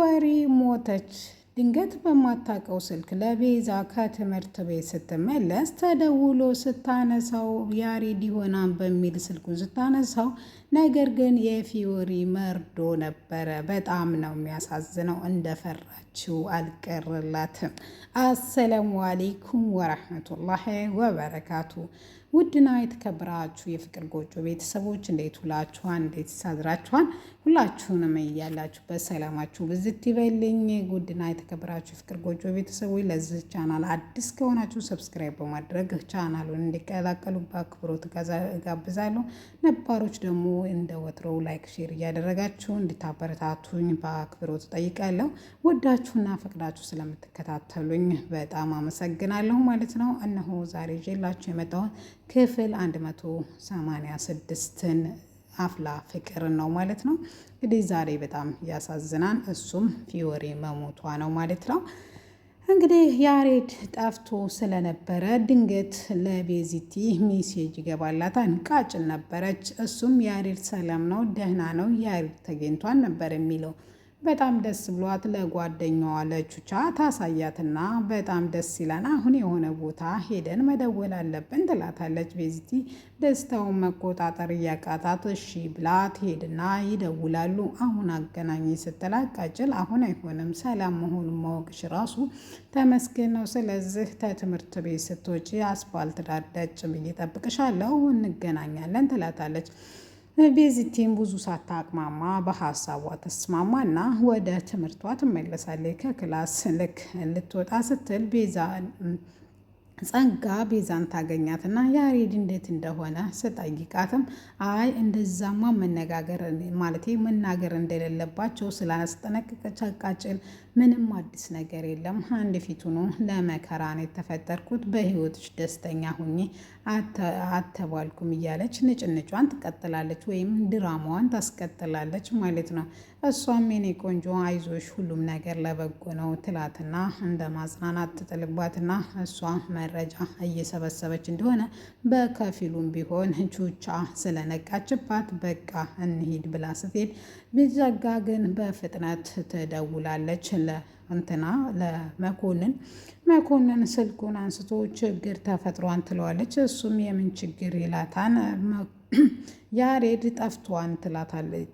ወሬ ሞተች። ድንገት በማታውቀው ስልክ ለቤዛ ከትምህርት ቤት ስትመለስ ተደውሎ ስታነሳው ያሬድ ይሆናል በሚል ስልኩን ስታነሳው፣ ነገር ግን የፊዮሪ መርዶ ነበረ። በጣም ነው የሚያሳዝነው። እንደፈራችው አልቀርላትም። አሰላሙ አሌይኩም ወረሕመቱላሂ ወበረካቱ ውድና የተከበራችሁ የፍቅር ጎጆ ቤተሰቦች እንዴት ውላችኋን? እንዴት ሳድራችኋን? ሁላችሁንም እያላችሁበት ሰላማችሁ ብዝት ይበልኝ። ውድና የተከበራችሁ የፍቅር ጎጆ ቤተሰቦች ለዚህ ቻናል አዲስ ከሆናችሁ ሰብስክራይብ በማድረግ ቻናሉን እንዲቀላቀሉ በአክብሮት እጋብዛለሁ። ነባሮች ደግሞ እንደ ወትሮው ላይክ፣ ሼር እያደረጋችሁ እንድታበረታቱኝ በአክብሮት ጠይቃለሁ። ወዳችሁና ፈቅዳችሁ ስለምትከታተሉኝ በጣም አመሰግናለሁ ማለት ነው። እነሆ ዛሬ ይዤላችሁ የመጣሁት ክፍል 186ን አፍላ ፍቅር ነው ማለት ነው። እንግዲህ ዛሬ በጣም ያሳዝናን እሱም ፊዮሬ መሞቷ ነው ማለት ነው። እንግዲህ ያሬድ ጠፍቶ ስለነበረ ድንገት ለቤዚቲ ሜሴጅ ይገባላታል። ቃጭን ነበረች። እሱም ያሬድ ሰላም ነው፣ ደህና ነው፣ ያሬድ ተገኝቷል ነበር የሚለው በጣም ደስ ብሏት ለጓደኛዋ ለቹቻ ታሳያትና በጣም ደስ ይለን አሁን የሆነ ቦታ ሄደን መደወል አለብን ትላታለች። ቤዚቲ ደስታውን መቆጣጠር እያቃታት እሺ ብላ ትሄድና ይደውላሉ። አሁን አገናኝ ስትላቃጭል አሁን አይሆንም፣ ሰላም መሆኑን ማወቅሽ ራሱ ተመስገን ነው። ስለዚህ ከትምህርት ቤት ስትወጪ አስፋልት ዳር ዳጭ ብዬ ጠብቅሻለሁ፣ እንገናኛለን ትላታለች። ቤዚቴም ብዙ ሳታቅማማ በሀሳቧ እና ወደ ትምህርቷ ትመለሳለች። ከክላስ ልክ ልትወጣ ስትል ቤዛ ጸጋ ቤዛን ታገኛትና ያሬድ እንዴት እንደሆነ ስጠይቃትም አይ እንደዛማ መነጋገር ማለት መናገር እንደሌለባቸው ስላስጠነቀቀች አቃጭል ምንም አዲስ ነገር የለም። አንድ ፊት ሆኖ ለመከራ ነው የተፈጠርኩት። በህይወትሽ ደስተኛ ሁኚ፣ አተባልኩም እያለች ንጭንጯን ትቀጥላለች ወይም ድራማዋን ታስቀጥላለች ማለት ነው። እሷም የኔ ቆንጆ አይዞሽ፣ ሁሉም ነገር ለበጎ ነው ትላትና እንደ ማጽናናት ትጥልባትና እሷ መረጃ እየሰበሰበች እንደሆነ በከፊሉም ቢሆን ቹቻ ስለነቃችባት በቃ እንሂድ ብላ ስትሄድ ቢዘጋ ግን በፍጥነት ትደውላለች ለ እንትና ለመኮንን መኮንን ስልኩን አንስቶ ችግር ተፈጥሯን ትለዋለች። እሱም የምን ችግር ይላታን ያሬድ ጠፍቷን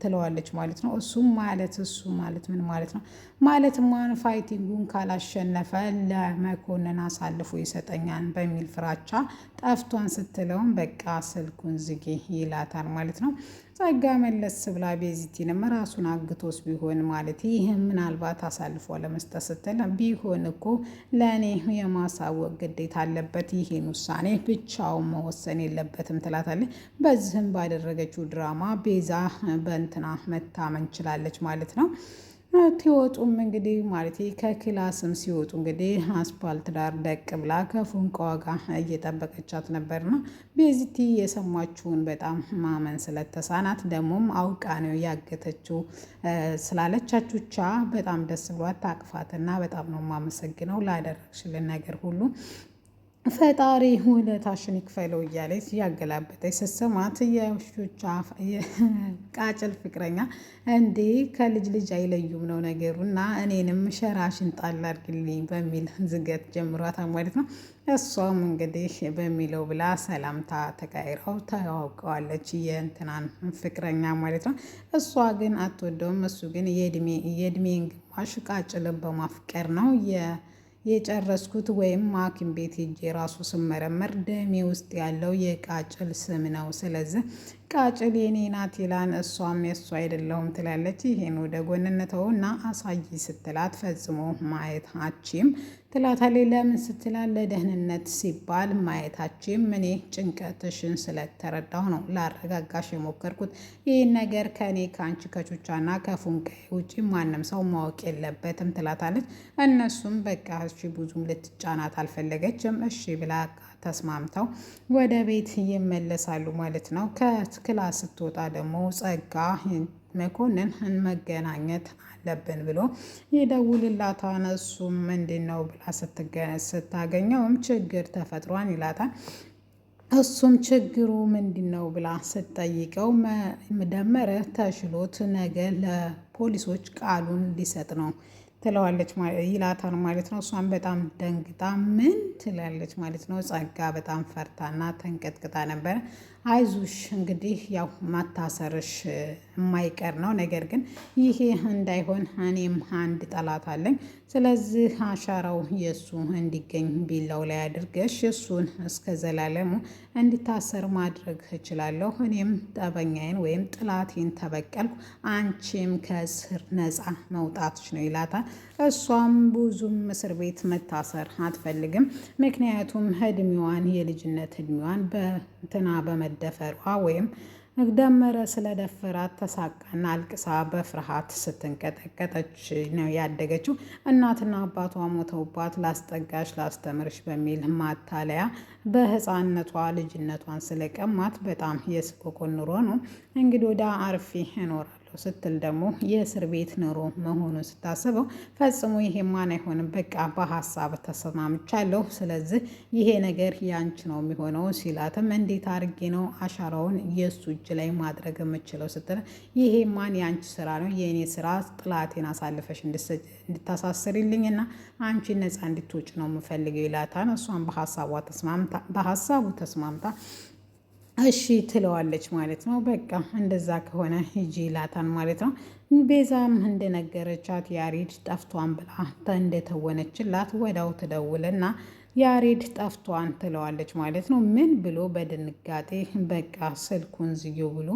ትለዋለች ማለት ነው። እሱም ማለት እሱ ማለት ምን ማለት ነው? ማለትማ ፋይቲንጉን ካላሸነፈ ለመኮንን አሳልፎ ይሰጠኛል በሚል ፍራቻ ጠፍቷን ስትለውም በቃ ስልኩን ዝጌ ይላታል ማለት ነው። ጸጋ መለስ ብላ ቤዚቲንም ራሱን አግቶስ ቢሆን ማለት ይህ ምናልባት አሳልፎ ለመስጠት ስትል ቢሆን እኮ ለእኔ የማሳወቅ ግዴታ አለበት፣ ይህን ውሳኔ ብቻውን መወሰን የለበትም ትላታለች። በዚህም ባደረ ባደረገችው ድራማ ቤዛ በእንትና መታመን ችላለች ማለት ነው። ሲወጡም እንግዲህ ማለት ከክላስም ሲወጡ እንግዲህ አስፓልት ዳር ደቅ ብላ ከፉንቃዋ ጋር እየጠበቀቻት ነበርና ቤዚቲ የሰማችውን በጣም ማመን ስለተሳናት ደግሞም አውቃ ነው ያገተችው ስላለቻችቻ በጣም ደስ ብሏት ታቅፋትና በጣም ነው የማመሰግነው ላደረግሽልን ነገር ሁሉ ፈጣሪ ውለታሽን ይክፈለው እያለች ያገላበጠች ስትሰማት የውሾች ቃጭል ፍቅረኛ እንዴ ከልጅ ልጅ አይለዩም ነው ነገሩ እና እኔንም ሸራሽን ጣል አድርግልኝ በሚል ዝገት ጀምሯታል ማለት ነው። እሷም እንግዲህ በሚለው ብላ ሰላምታ ተቃይረው ተዋውቀዋለች የእንትናን ፍቅረኛ ማለት ነው። እሷ ግን አትወደውም፣ እሱ ግን የእድሜን ግማሽ ቃጭልን በማፍቀር ነው የ የጨረስኩት ወይም ሐኪም ቤት ሄጄ ራሱ ስመረመር ደሜ ውስጥ ያለው የቃጭል ስም ነው። ስለዚህ ቃጭል የኔ ናት ይላን። እሷም የእሱ አይደለሁም ትላለች። ይሄን ወደ ጎንነተው እና አሳይ ስትላት ፈጽሞ ማየት አችም ትላታለች። ለምን ስትላል ለደህንነት ሲባል ማየታችን እኔ ጭንቀትሽን ስለተረዳሁ ነው ላረጋጋሽ የሞከርኩት። ይህ ነገር ከእኔ ከአንቺ ከቹቻና ከፉንቀይ ውጪ ማንም ሰው ማወቅ የለበትም ትላታለች። እነሱም በቃ እሺ ብዙም ልትጫናት አልፈለገችም። እሺ ብላ ተስማምተው ወደ ቤት ይመለሳሉ ማለት ነው። ከክላስ ስትወጣ ደግሞ ጸጋ መኮንን መገናኘት አለብን ብሎ ይደውልላታል። እሱም ምንድን ነው ብላ ስታገኘውም ችግር ተፈጥሯን ይላታል። እሱም ችግሩ ምንድን ነው ብላ ስትጠይቀው ደመረ ተሽሎት ነገ ለፖሊሶች ቃሉን ሊሰጥ ነው ትለዋለች ይላታል ማለት ነው። እሷን በጣም ደንግጣ ምን ትላለች ማለት ነው። ጸጋ በጣም ፈርታና ተንቀጥቅጣ ነበረ። አይዞሽ እንግዲህ ያው ማታሰርሽ የማይቀር ነው። ነገር ግን ይሄ እንዳይሆን እኔም አንድ ጠላት አለኝ። ስለዚህ አሻራው የእሱ እንዲገኝ ቢላው ላይ አድርገሽ እሱን እስከ ዘላለሙ እንዲታሰር ማድረግ እችላለሁ። እኔም ጠበኛዬን ወይም ጥላቴን ተበቀልኩ፣ አንቺም ከእስር ነፃ መውጣትሽ ነው ይላታል። እሷም ብዙም እስር ቤት መታሰር አትፈልግም። ምክንያቱም እድሜዋን የልጅነት እድሜዋን በትና በመ መደፈሯ ወይም ደመረ ስለደፈራት ተሳቃና አልቅሳ በፍርሃት ስትንቀጠቀጠች ነው ያደገችው። እናትና አባቷ ሞተውባት ላስጠጋሽ ላስተምርሽ በሚል ማታለያ በህፃነቷ ልጅነቷን ስለቀማት በጣም የስቆቆን ኑሮ ነው እንግዲህ ወደ አርፊ እኖራል ስትል ደግሞ የእስር ቤት ኑሮ መሆኑን ስታስበው ፈጽሞ ይሄማን አይሆንም፣ በቃ በሀሳብ ተሰማምቻለሁ፣ ስለዚህ ይሄ ነገር ያንች ነው የሚሆነው ሲላትም እንዴት አድርጌ ነው አሻራውን የእሱ እጅ ላይ ማድረግ የምችለው ስትል ይሄማን ያንች ስራ ነው የእኔ ስራ ጥላቴን አሳልፈሽ እንድታሳስሪልኝና አንቺ ነፃ እንድትውጭ ነው የምፈልገው ይላታን። እሷን በሀሳቡ ተስማምታ እሺ ትለዋለች ማለት ነው። በቃ እንደዛ ከሆነ ሂጂ ይላታል ማለት ነው። ቤዛም እንደነገረቻት ያሬድ ጠፍቷን ብላ እንደተወነችላት ወዳው ትደውልና ያሬድ ጠፍቷን ትለዋለች ማለት ነው። ምን ብሎ በድንጋጤ በቃ ስልኩን ዝዩ ብሎ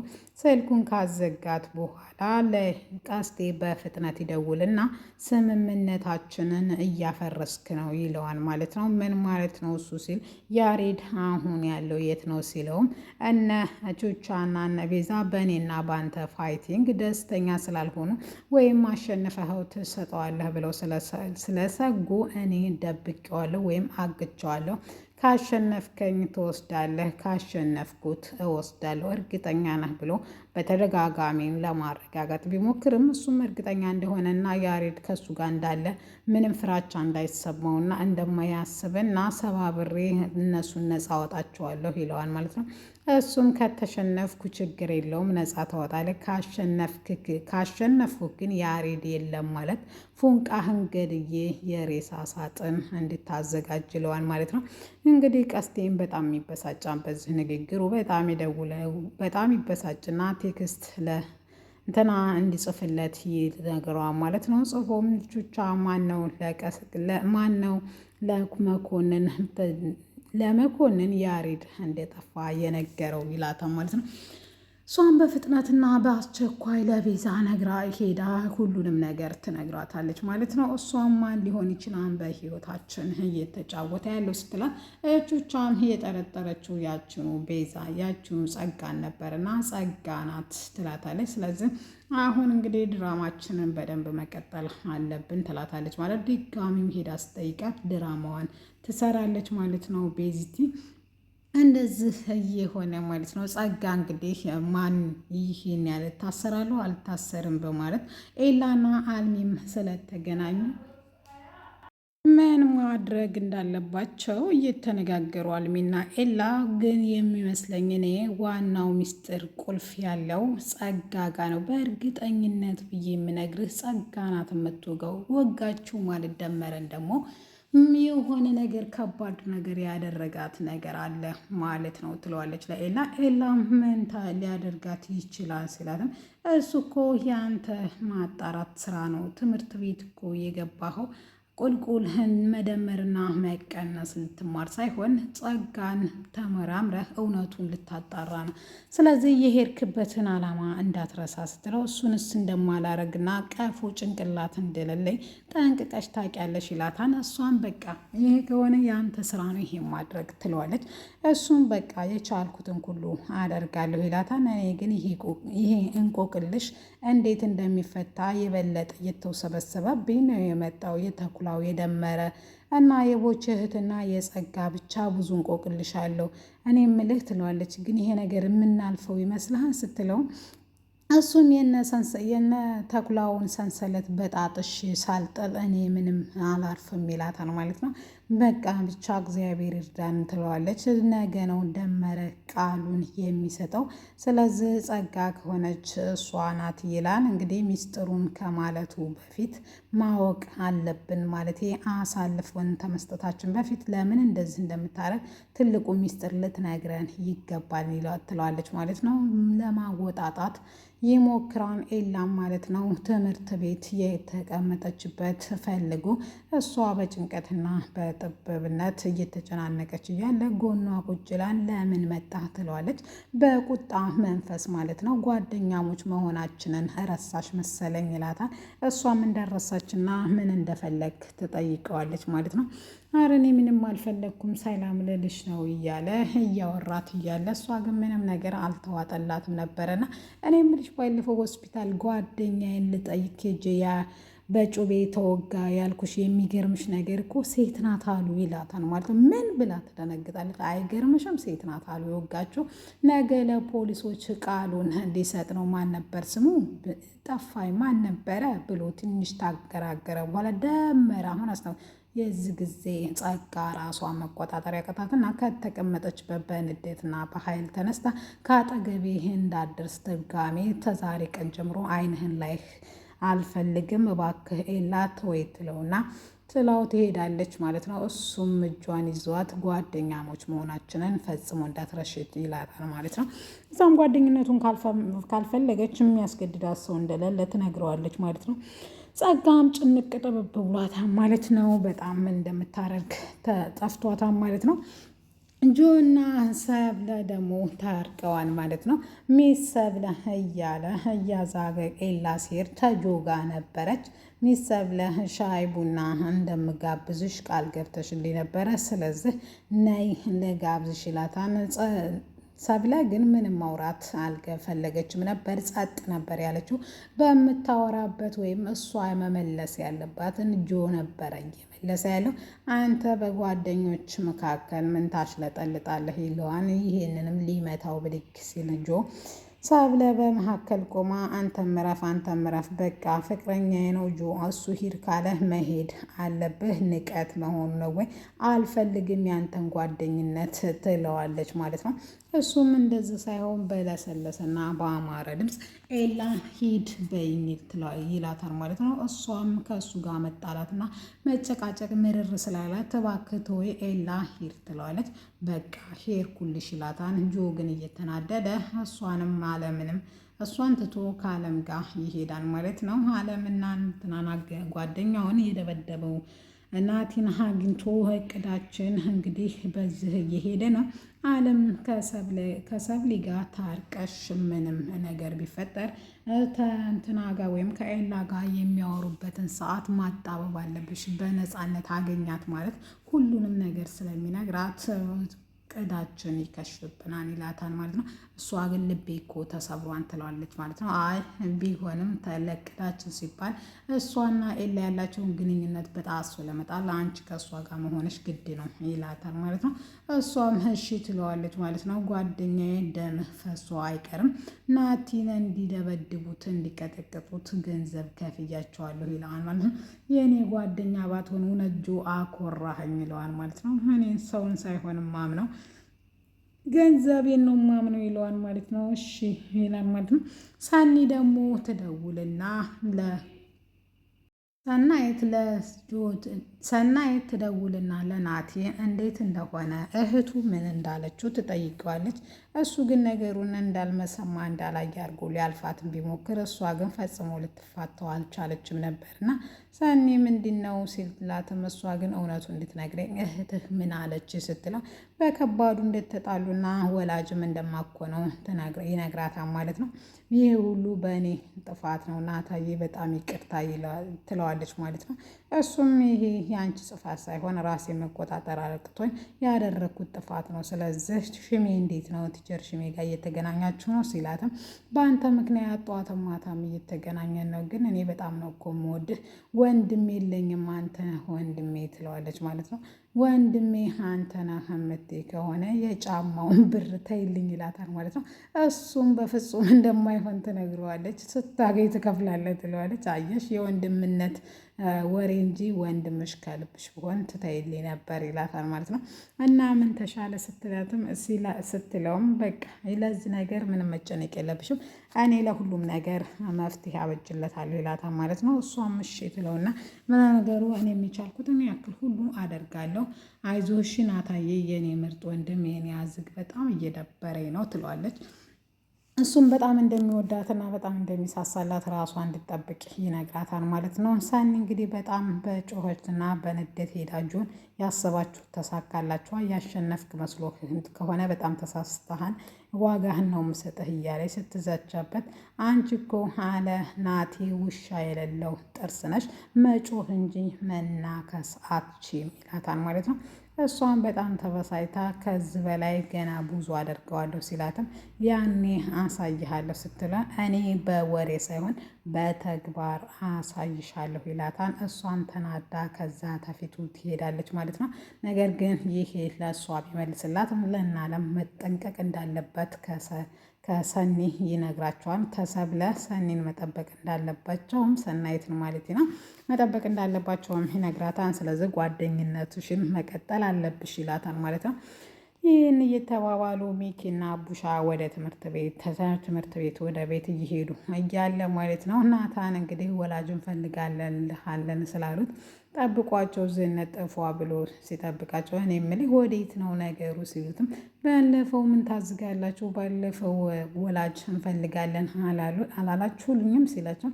ስልኩን ካዘጋት በኋላ ለቀስቴ በፍጥነት ይደውልና ስምምነታችንን እያፈረስክ ነው ይለዋል ማለት ነው። ምን ማለት ነው እሱ ሲል ያሬድ አሁን ያለው የት ነው ሲለውም እነ ቹቻና እነ ቤዛ በእኔና በአንተ ፋይቲንግ ደስተኛ ስላልሆኑ ወይም አሸንፈኸው ትሰጠዋለህ ብለው ስለሰጉ እኔ ደብቄዋለሁ ወይም አብቅቸዋለሁ። ካሸነፍከኝ ትወስዳለህ፣ ካሸነፍኩት እወስዳለሁ፣ እርግጠኛ ነህ ብሎ በተደጋጋሚ ለማረጋጋት ቢሞክርም እሱም እርግጠኛ እንደሆነና ያሬድ ከሱ ጋር እንዳለ ምንም ፍራቻ እንዳይሰማውና እንደማያስብና ሰባብሬ እነሱን ነፃ ወጣቸዋለሁ ይለዋል ማለት ነው። እሱም ከተሸነፍኩ ችግር የለውም ነጻ ታወጣለህ፣ ካሸነፍኩ ግን ያሬድ የለም ማለት ፉንቃህን ገድዬ የሬሳ ሳጥን እንድታዘጋጅለዋል ማለት ነው። እንግዲህ ቀስቴን በጣም የሚበሳጫ በዚህ ንግግሩ በጣም የደውለው በጣም ይበሳጭና ቴክስት ለ እንትና እንዲጽፍለት ይነግረዋል ማለት ነው። ጽፎም ልጆቿ ማን ነው ለመኮንን ለመኮንን ያሬድ እንደጠፋ የነገረው ይላታል ማለት ነው። እሷን በፍጥነትና በአስቸኳይ ለቤዛ ነግራ ሄዳ ሁሉንም ነገር ትነግራታለች ማለት ነው። እሷም ማን ሊሆን ይችላል በህይወታችን እየተጫወተ ያለው ስትላት እጆቿም የጠረጠረችው ያችኑ ቤዛ ያችኑ ጸጋን ነበርና ጸጋ ናት ትላታለች። ስለዚህ አሁን እንግዲህ ድራማችንን በደንብ መቀጠል አለብን ትላታለች ማለት ድጋሚም ሄዳ ስጠይቃት ድራማዋን ትሰራለች ማለት ነው ቤዚቲ እንደዚህ እየሆነ ማለት ነው። ጸጋ እንግዲህ ማን ይህን ያለ ታሰራለሁ አልታሰርም በማለት ኤላና አልሚም ስለተገናኙ ምን ማድረግ እንዳለባቸው እየተነጋገሩ አልሚና ኤላ። ግን የሚመስለኝ እኔ ዋናው ሚስጥር ቁልፍ ያለው ጸጋ ጋ ነው። በእርግጠኝነት ብዬ የምነግርህ ጸጋ ናት የምትወጋው። ወጋችሁ ማለት ደመረን ደግሞ የሆነ ነገር ከባድ ነገር ያደረጋት ነገር አለ ማለት ነው ትለዋለች ለኤላ። ኤላ ምንታ ሊያደርጋት ይችላል ስላትም እሱ እኮ ያንተ ማጣራት ስራ ነው። ትምህርት ቤት እኮ የገባኸው ቁልቁልህን መደመርና መቀነስ ልትማር ሳይሆን ጸጋን ተመራምረህ እውነቱን ልታጣራ ነው። ስለዚህ የሄድክበትን ዓላማ እንዳትረሳ ስትለው እሱንስ እንደማላረግና ቀፎ ጭንቅላት እንደሌለኝ ጠንቅቀሽ ታውቂያለሽ ይላታን። እሷን በቃ ይሄ ከሆነ የአንተ ስራ ነው ይሄ ማድረግ ትለዋለች። እሱን በቃ የቻልኩትን ሁሉ አደርጋለሁ ይላታን። እኔ ግን ይሄ እንቆቅልሽ እንዴት እንደሚፈታ የበለጠ እየተውሰበሰበብኝ ነው የመጣው። የተኩላው የደመረ እና የቦች እህትና የጸጋ ብቻ ብዙ እንቆቅልሻለሁ። እኔ ምልህ ትለዋለች። ግን ይሄ ነገር የምናልፈው ይመስልሃል ስትለው እሱም የነ ተኩላውን ሰንሰለት በጣጥሽ ሳልጥል እኔ ምንም አላርፍም ይላታል ማለት ነው። በቃ ብቻ እግዚአብሔር ይርዳን ትለዋለች። ነገ ነው ደመረ ቃሉን የሚሰጠው። ስለዚህ ጸጋ ከሆነች እሷ ናት ይላል። እንግዲህ ሚስጥሩን ከማለቱ በፊት ማወቅ አለብን ማለት አሳልፎን ተመስጠታችን በፊት ለምን እንደዚህ እንደምታረግ ትልቁ ሚስጥር ልትነግረን ይገባል ትለዋለች ማለት ነው ለማወጣጣት ይሞክራን ኤላም ማለት ነው። ትምህርት ቤት የተቀመጠችበት ፈልጉ። እሷ በጭንቀትና በጥብብነት እየተጨናነቀች እያለ ጎኗ ቁጭላን ለምን መጣ ትለዋለች፣ በቁጣ መንፈስ ማለት ነው። ጓደኛሞች መሆናችንን ረሳሽ መሰለኝ ይላታል። እሷም እንደረሳችና ምን እንደፈለግ ትጠይቀዋለች ማለት ነው። ኧረ እኔ ምንም አልፈለግኩም ሰላም ልልሽ ነው እያለ እያወራት እያለ እሷ ግን ምንም ነገር አልተዋጠላትም ነበረና እኔ ምልሽ ባለፈው ሆስፒታል ጓደኛዬን ልጠይቅ ሄጄ ያ በጩቤ ተወጋ ያልኩሽ የሚገርምሽ ነገር እኮ ሴት ናት አሉ ይላታል። ማለት ምን ብላ ትደነግጣለች። አይገርምሽም? ሴት ናት አሉ የወጋችው። ነገ ለፖሊሶች ቃሉን ሊሰጥ ነው። ማን ነበር ስሙ ጠፋኝ፣ ማን ነበረ ብሎ ትንሽ ታገራገረ በኋላ ደመራ አሁን የዚህ ጊዜ ጸጋ ራሷ መቆጣጠር ያቀታትና ከተቀመጠችበት በንዴትና በኃይል ተነስታ ከአጠገቤ እንዳትደርስ ድጋሜ ተዛሬ ቀን ጀምሮ አይንህን ላይህ አልፈልግም እባክህ ኤላ ተወይ ትለውና ትላው ትሄዳለች ማለት ነው። እሱም እጇን ይዟት ጓደኛሞች መሆናችንን ፈጽሞ እንዳትረሽት ይላታል ማለት ነው። እዛም ጓደኝነቱን ካልፈለገች የሚያስገድዳት ሰው እንደሌለ ትነግረዋለች ማለት ነው። ጸጋም ጭንቅ ጥብብ ብሏታል ማለት ነው። በጣም እንደምታደርግ ተጠፍቷታል ማለት ነው። ጆና ሰብለ ደግሞ ታርቀዋል ማለት ነው። ሚስ ሰብለ እያለ እያዛገ ቄላ ሴር ተጆጋ ነበረች። ሚስ ሰብለ ሻይ ቡና እንደምጋብዝሽ ቃል ገብተሽልኝ ነበረ፣ ስለዚህ ነይ ልጋብዝሽ ይላታል። ሰብለ ግን ምንም ማውራት አልፈለገችም ነበር። ጸጥ ነበር ያለችው። በምታወራበት ወይም እሷ መመለስ ያለባትን ጆ ነበረ እየመለሰ ያለው። አንተ በጓደኞች መካከል ምን ታሽለጠልጣለህ? ይለዋን ይህንንም ሊመታው ብድግ ሲል ጆ ሰብለ በመካከል ቆማ አንተ እረፍ አንተ እረፍ በቃ ፍቅረኛዬ ነው ጆ እሱ ሂድ ካለህ መሄድ አለብህ ንቀት መሆኑ ነው ወይ አልፈልግም ያንተን ጓደኝነት ትለዋለች ማለት ነው እሱም እንደዚህ ሳይሆን በለሰለሰና በአማረ ድምፅ ኤላ ሂድ በይኝ ይላታል ማለት ነው እሷም ከእሱ ጋር መጣላትና መጨቃጨቅ ምርር ስላላት እባክህ ተወው ኤላ ሂድ ትለዋለች በቃ ሄድኩልሽ ይላታል። ጆ ግን እየተናደደ እሷንም አለምንም እሷን ትቶ ከአለም ጋር ይሄዳል ማለት ነው። አለምና ትናና ጓደኛውን የደበደበው እናቲን አግኝቶ እቅዳችን እንግዲህ በዚህ እየሄደ ነው። አለም ከሰብሊ ጋር ታርቀሽ ምንም ነገር ቢፈጠር ከእንትና ጋር ወይም ከኤላ ጋር የሚያወሩበትን ሰዓት ማጣበብ አለብሽ። በነፃነት አገኛት ማለት ሁሉንም ነገር ስለሚነግራት ቅዳችን ይከሽብናል ይላታል ማለት ነው። እሷ ግን ልቤ እኮ ተሰብሯን ትለዋለች ማለት ነው። አይ ቢሆንም ተለቅዳችን ሲባል እሷና ኤላ ያላቸውን ግንኙነት በጣሶ ለመጣል አንቺ ከእሷ ጋር መሆንሽ ግድ ነው ይላታል ማለት ነው። እሷም እሺ ትለዋለች ማለት ነው። ጓደኛዬ ደም ፈሶ አይቀርም ናቲን እንዲደበድቡት እንዲቀጠቅጡት ገንዘብ ከፍያቸዋለሁ ይለዋል ማለት ነው። የእኔ ጓደኛ ባትሆን ውነጆ አኮራህኝ ይለዋል ማለት ነው። እኔን ሰውን ሳይሆንም ማምነው ገንዘቤን ነው ማምነው ይለዋል ማለት ነው። እሺ ይላል ማለት ነው። ሳኒ ደግሞ ትደውልና ሰናይት ሰናይት ትደውልና ለናቲ እንዴት እንደሆነ እህቱ ምን እንዳለችው ትጠይቀዋለች። እሱ ግን ነገሩን እንዳልመሰማ እንዳላየ አድርጎ ሊያልፋትን ቢሞክር እሷ ግን ፈጽሞ ልትፋተው አልቻለችም ነበርና ሰኒ ምንድን ነው ሲላትም እሷ ግን እውነቱ እንድትነግረኝ እህትህ ምን አለች ስትላ በከባዱ እንደተጣሉና ወላጅም ነው ይነግራታል ማለት ነው። ይህ ሁሉ በእኔ ጥፋት ነው ናታዬ፣ በጣም ይቅርታ ትለዋል? ಮಾಡಿದ್ರು እሱም ይሄ የአንቺ ጽፋት ሳይሆን ራሴ መቆጣጠር አቅቶኝ ያደረግኩት ጥፋት ነው። ስለዚህ ሽሜ እንዴት ነው ቲቸር ሽሜ ጋር እየተገናኛችሁ ነው ሲላትም በአንተ ምክንያት ጠዋትም ማታም እየተገናኘን ነው፣ ግን እኔ በጣም ነው እኮ የምወድህ ወንድሜ የለኝም አንተ ወንድሜ ትለዋለች ማለት ነው። ወንድሜ አንተ ነህ ከሆነ የጫማውን ብር ተይልኝ ይላታል ማለት ነው። እሱም በፍጹም እንደማይሆን ትነግረዋለች። ስታገኝ ትከፍላለህ ትለዋለች። አየሽ የወንድምነት ወሬ እንጂ ወንድምሽ ከልብሽ ቢሆን ትተይልኝ ነበር ይላታል ማለት ነው። እና ምን ተሻለ ስትላትም ስትለውም በቃ ለዚህ ነገር ምንም መጨነቅ የለብሽም እኔ ለሁሉም ነገር መፍትሄ አበጅለታለሁ ይላታል ማለት ነው። እሷም እሺ ትለውና ምን ነገሩ እኔ የሚቻልኩትን ያክል ሁሉ አደርጋለሁ። አይዞሽ ናታዬ፣ የኔ ምርጥ ወንድም፣ የኔ አዝግ በጣም እየደበረኝ ነው ትለዋለች። እሱም በጣም እንደሚወዳትና በጣም እንደሚሳሳላት ራሷ እንድጠብቅ ይነግራታል ማለት ነው። ሰኒ እንግዲህ በጣም በጮኸችና በንዴት ሄዳጁን ያሰባችሁ ተሳካላችኋል። ያሸነፍክ መስሎህ ከሆነ በጣም ተሳስተሃል፣ ዋጋህን ነው የምሰጥህ እያለች ስትዘቻበት፣ አንቺ እኮ አለ ናቲ ውሻ የሌለው ጥርስ ነሽ፣ መጮህ እንጂ መናከስ አትችም ይላታል ማለት ነው። እሷን በጣም ተበሳይታ ከዚህ በላይ ገና ብዙ አደርገዋለሁ ሲላትም ያኔ አሳይሃለሁ ስትላ እኔ በወሬ ሳይሆን በተግባር አሳይሻለሁ ይላታን። እሷም ተናዳ ከዛ ተፊቱ ትሄዳለች ማለት ነው። ነገር ግን ይሄ ለእሷ ቢመልስላትም ለእናለም መጠንቀቅ እንዳለበት ከሰ ከሰኒ ይነግራቸዋል። ከሰብለ ሰኒን መጠበቅ እንዳለባቸውም ሰናይትን ማለት ነው መጠበቅ እንዳለባቸውም ይነግራታን። ስለዚህ ጓደኝነትሽን መቀጠል አለብሽ ይላታል ማለት ነው። ይህን እየተባባሉ ሚኪና ቡሻ ወደ ትምህርት ቤት ትምህርት ቤት ወደ ቤት እየሄዱ እያለ ማለት ነው። ናታን እንግዲህ ወላጅ እንፈልጋለን ልሃለን ስላሉት ጠብቋቸው ዝነጠፏ ብሎ ሲጠብቃቸው እኔ የምልህ ወዴት ነው ነገሩ ሲሉትም ባለፈው ምን ታዝጋላችሁ፣ ባለፈው ወላጅ እንፈልጋለን አላላችሁልኝም ሲላቸው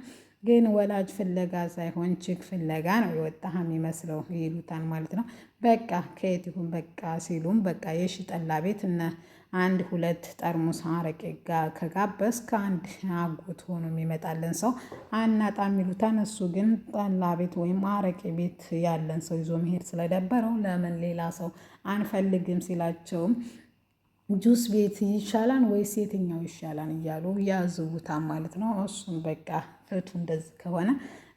ግን ወላጅ ፍለጋ ሳይሆን ችግ ፍለጋ ነው የወጣህ የሚመስለው ይሉታል ማለት ነው። በቃ ከየት ይሁን በቃ ሲሉም በቃ የሺ ጠላ ቤት እነ አንድ ሁለት ጠርሙስ አረቄ ጋር ከጋበስ ከአንድ አጎት ሆኖ የሚመጣለን ሰው አናጣም የሚሉታን እሱ ግን ጠላ ቤት ወይም አረቄ ቤት ያለን ሰው ይዞ መሄድ ስለደበረው ለምን ሌላ ሰው አንፈልግም ሲላቸውም ጁስ ቤት ይሻላል ወይስ የትኛው ይሻላል እያሉ ያዝውታ ማለት ነው። እሱም በቃ ፍቱ እንደዚህ ከሆነ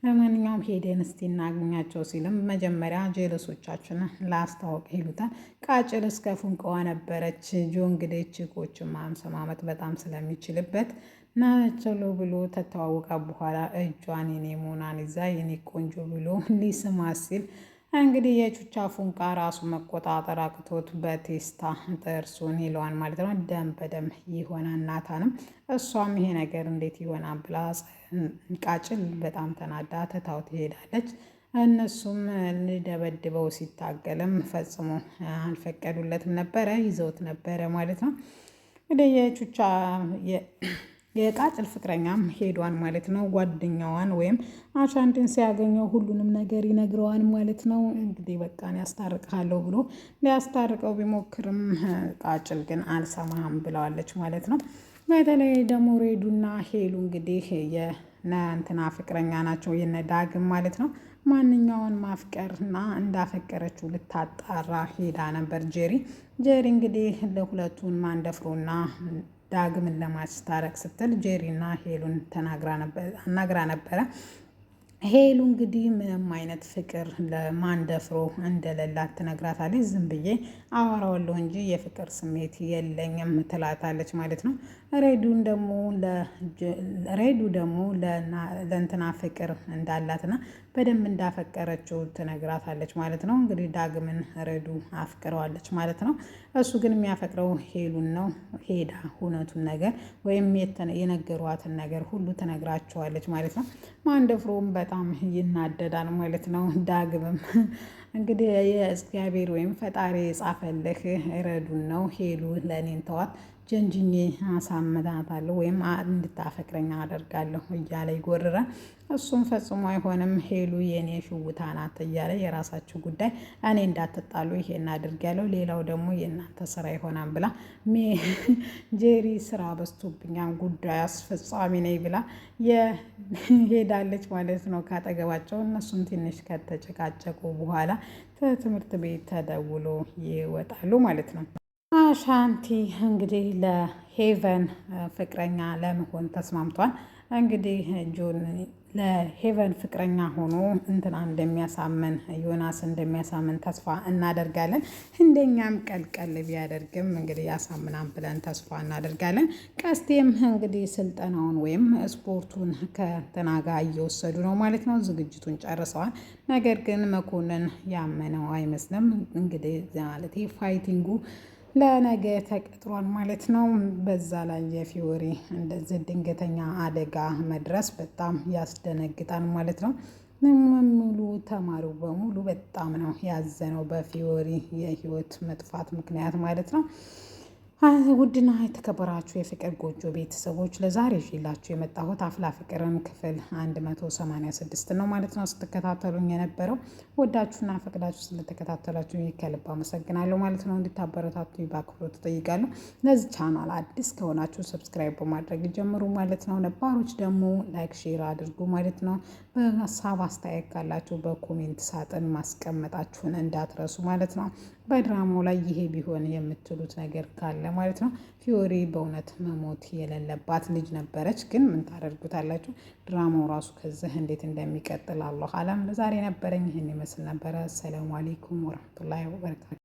ለማንኛውም ሄደን እስቲ እናገኛቸው ሲልም መጀመሪያ ጀለሶቻችን ላስታወቅ ይሉታል። ቃጭል እስከ ፉንቀዋ ነበረች። ጆ እንግዲህ ችኮችን ማምሰማመት በጣም ስለሚችልበት ናቸሎ ብሎ ተተዋወቀ። በኋላ እጇን የኔ ሞናን ይዛ የኔ ቆንጆ ብሎ ሊስማ ሲል እንግዲህ የቹቻ ፉንቃ ራሱ መቆጣጠር አቅቶት በቴስታ ጥርሱን ይለዋል ማለት ነው። ደም በደም ይሆና እናታንም እሷም ይሄ ነገር እንዴት ይሆና ብላ ቃጭል በጣም ተናዳ ትታው ትሄዳለች። እነሱም ልደበድበው ሲታገልም ፈጽሞ አልፈቀዱለትም ነበረ፣ ይዘውት ነበረ ማለት ነው። እንግዲህ የቹቻ የቃጭል ፍቅረኛም ሄዷን ማለት ነው። ጓደኛዋን ወይም አሻንድን ሲያገኘው ሁሉንም ነገር ይነግረዋን ማለት ነው። እንግዲህ በቃ ያስታርቅሃለሁ ብሎ ሊያስታርቀው ቢሞክርም ቃጭል ግን አልሰማህም ብለዋለች ማለት ነው። በተለይ ደግሞ ሬዱና ሄሉ እንግዲህ የነንትና ፍቅረኛ ናቸው የነ ዳግም ማለት ነው። ማንኛውን ማፍቀርና እንዳፈቀረችው ልታጣራ ሄዳ ነበር ጀሪ ጀሪ እንግዲህ ለሁለቱን ማንደፍሮና ዳግምን ለማስታረቅ ስትል ጄሪና ሄሉን ተናግራ ነበረ። ሄሉ እንግዲህ ምንም አይነት ፍቅር ለማን ደፍሮ እንደሌላት ትነግራታለች። ዝም ብዬ አወራዋለሁ እንጂ የፍቅር ስሜት የለኝም ትላታለች ማለት ነው። ሬዱን ደግሞ ሬዱ ደግሞ ለእንትና ፍቅር እንዳላትና በደንብ እንዳፈቀረችው ትነግራታለች ማለት ነው። እንግዲህ ዳግምን ሬዱ አፍቅረዋለች ማለት ነው። እሱ ግን የሚያፈቅረው ሄሉን ነው። ሄዳ እውነቱን ነገር ወይም የነገሯትን ነገር ሁሉ ትነግራቸዋለች ማለት ነው። ማንደፍሮም በጣም ይናደዳል ማለት ነው። ዳግምም እንግዲህ የእግዚአብሔር ወይም ፈጣሪ የጻፈልህ ረዱን ነው ሄሉ ለእኔን ተዋት ጀንጅኜ አሳምናታለሁ ወይም እንድታፈቅረኝ አደርጋለሁ እያለ ይጎርራል። እሱም ፈጽሞ አይሆንም፣ ሄሉ የእኔ ሽውታ ናት እያለ የራሳችሁ ጉዳይ፣ እኔ እንዳትጣሉ ይሄን አድርጊያለሁ፣ ሌላው ደግሞ የእናንተ ስራ ይሆናል ብላ ጄሪ ስራ በዝቶብኛል፣ ጉዳይ አስፈጻሚ ነኝ ብላ ሄዳለች ማለት ነው ካጠገባቸው። እነሱም ትንሽ ከተጨቃጨቁ በኋላ ከትምህርት ቤት ተደውሎ ይወጣሉ ማለት ነው። አሻንቲ እንግዲህ ለሄቨን ፍቅረኛ ለመሆን ተስማምቷል። እንግዲህ ጆን ለሄቨን ፍቅረኛ ሆኖ እንትና እንደሚያሳምን ዮናስ እንደሚያሳምን ተስፋ እናደርጋለን። እንደኛም ቀልቀል ቢያደርግም እንግዲህ ያሳምናን ብለን ተስፋ እናደርጋለን። ቀስቴም እንግዲህ ስልጠናውን ወይም ስፖርቱን ከእንትና ጋር እየወሰዱ ነው ማለት ነው። ዝግጅቱን ጨርሰዋል። ነገር ግን መኮንን ያመነው አይመስልም። እንግዲህ ማለት ፋይቲንጉ ለነገ ተቀጥሯል ማለት ነው። በዛ ላይ የፊዮሪ እንደዚህ ድንገተኛ አደጋ መድረስ በጣም ያስደነግጣል ማለት ነው። ሙሉ ተማሪው በሙሉ በጣም ነው ያዘነው በፊዮሪ የህይወት መጥፋት ምክንያት ማለት ነው። ውድና የተከበራችሁ የፍቅር ጎጆ ቤተሰቦች ለዛሬ ይዤላችሁ የመጣሁት አፍላ ፍቅርን ክፍል 186 ነው ማለት ነው። ስትከታተሉኝ የነበረው ወዳችሁና ፈቅዳችሁ ስለተከታተላችሁ ከልብ አመሰግናለሁ ማለት ነው። እንድታበረታቱ በአክብሮት እጠይቃለሁ። ለዚህ ቻናል አዲስ ከሆናችሁ ሰብስክራይብ በማድረግ ጀምሩ ማለት ነው። ነባሮች ደግሞ ላይክ፣ ሼር አድርጉ ማለት ነው። በሀሳብ አስተያየት ካላችሁ በኮሜንት ሳጥን ማስቀመጣችሁን እንዳትረሱ ማለት ነው። በድራማው ላይ ይሄ ቢሆን የምትሉት ነገር ካለ ማለት ነው። ፊዮሪ በእውነት መሞት የሌለባት ልጅ ነበረች። ግን ምን ታደርጉታላችሁ? ድራማው ራሱ ከዚህ እንዴት እንደሚቀጥል አላህ አለም። ለዛሬ ነበረኝ ይህን ይመስል ነበረ። አሰላሙ አሌይኩም ወረህመቱላሂ ወበረካቱ